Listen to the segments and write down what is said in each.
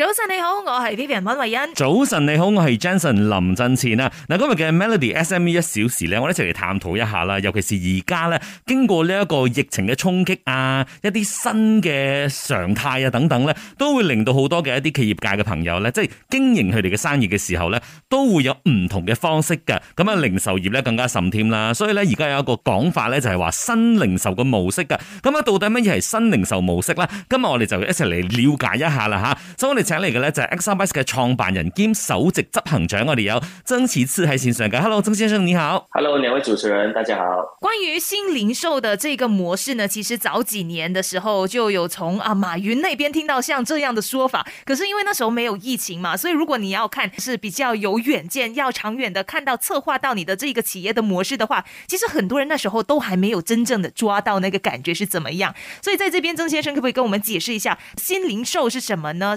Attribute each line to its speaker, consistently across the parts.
Speaker 1: 早晨你好，我係 Vivian 溫慧欣。
Speaker 2: 早晨你好，我係 Jenson 林振前啦。嗱，今日嘅 Melody SME 一小時咧，我哋一齊嚟探討一下啦。尤其是而家咧，經過呢一個疫情嘅衝擊啊，一啲新嘅常態啊等等咧，都會令到好多嘅一啲企業界嘅朋友咧，即係經營佢哋嘅生意嘅時候咧，都會有唔同嘅方式㗎。咁啊，零售業咧更加甚添啦。所以咧，而家有一個講法咧，就係話新零售嘅模式㗎。咁啊，到底乜嘢係新零售模式咧？今日我哋就一齊嚟了解一下啦吓。所以我哋請嚟嘅呢，就係 Xabytes 嘅創辦人兼首席執行長，我哋有曾啟次喺線上嘅。Hello，曾先生你好。Hello，兩位主持人大家好。
Speaker 1: 關於新零售的這個模式呢，其實早幾年的時候就有從啊馬雲那邊聽到像這樣的說法，可是因為那時候沒有疫情嘛，所以如果你要看是比較有遠見、要長遠的看到策劃到你的這個企業的模式的話，其實很多人那時候都還沒有真正的抓到那個感覺是怎麼樣。所以在這邊曾先生可唔可以跟我們解釋一下新零售是什麼呢？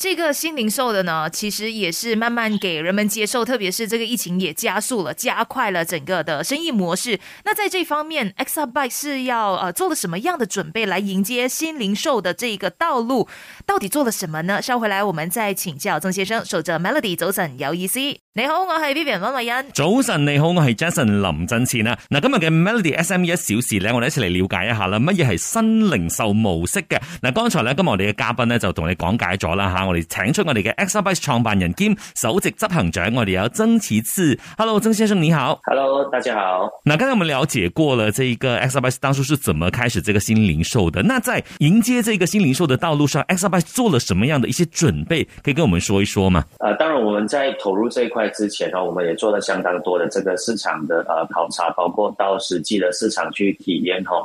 Speaker 1: 這個新零售的呢，其實也是慢慢給人們接受，特別是這個疫情也加速了，加快了整個的生意模式。那在這方面 Exabytes 是要呃做了什麼樣的準備來迎接新零售的這一個道路？到底做了什麼呢？稍回來我們再請教曾先生，守着 Melody 早晨有意思。你好，我是 Vivian 温慧欣。
Speaker 2: 早晨你好，我是 Jason 林振前啊。嗱今日嘅 Melody SME 一小時呢，我哋一齊嚟了解一下啦，乜嘢係新零售模式嘅？嗱剛才呢，今日我哋嘅嘉賓呢，就同你講解咗啦吓。我哋請出我哋嘅 XRS 創辦人兼首席執行長，我哋有曾其次，Hello 曾先生，你好，Hello 大家好。那剛才我們了解過了，這一個 XRS 當初是怎麼開始這個新零售的？那在迎接這個新零售的道路上，XRS 做了什麼樣的一些準備？可以跟我們說一說嗎？
Speaker 3: 啊，uh, 當然，我們在投入這一塊之前呢，我們也做了相當多的這個市場的考察，包括到實際的市場去體驗哦。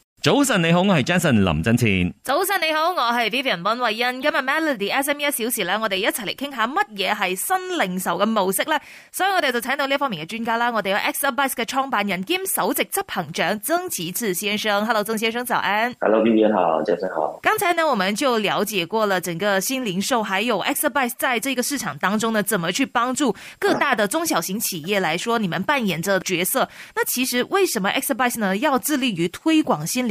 Speaker 2: 早晨你好，我係 Jason 林振前。
Speaker 1: 早晨你好，我係 Vivian 溫慧欣。今日 Melody S M E 一小時咧，我哋一齊嚟傾下乜嘢係新零售嘅模式咧。所以我哋就請到呢方面嘅專家啦。我哋有 Exabytes 嘅創辦人兼首席執行長曾子智先生。Hello，曾先生早安。Hello，Vivian
Speaker 3: 好，Jason 好。
Speaker 1: 剛才呢，我們就了解過了整個新零售，還有 Exabytes 在這個市場當中呢，怎麼去幫助各大的中小型企業來說，你們扮演着角色。那其實為什麼 Exabytes 呢，要致力於推廣新？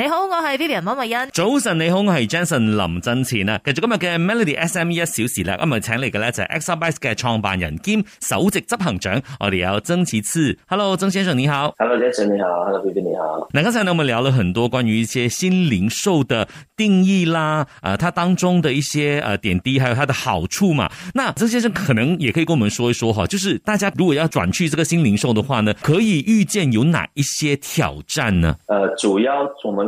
Speaker 1: 你好，我係 Vivian 溫慧欣。
Speaker 2: 早晨，你好，我係 Jason 林真前啊。繼續今日嘅 Melody SME 一小時咧，今日請嚟嘅咧就 XRS 嘅創辦人兼首席執行長，我哋有曾其次，Hello 曾先生，你好，Hello Jason 你好，Hello Vivian 你好。嗱，剛才呢，我們聊了很多關於一些新零售嘅定義啦，啊、呃，它當中的一些啊點滴，還有它的好處嘛。那曾先生可能也可以跟我們說一說哈，就是大家如果要轉去這個新零售嘅話呢，可以預見有哪一些挑戰呢？誒、呃，
Speaker 3: 主要我們。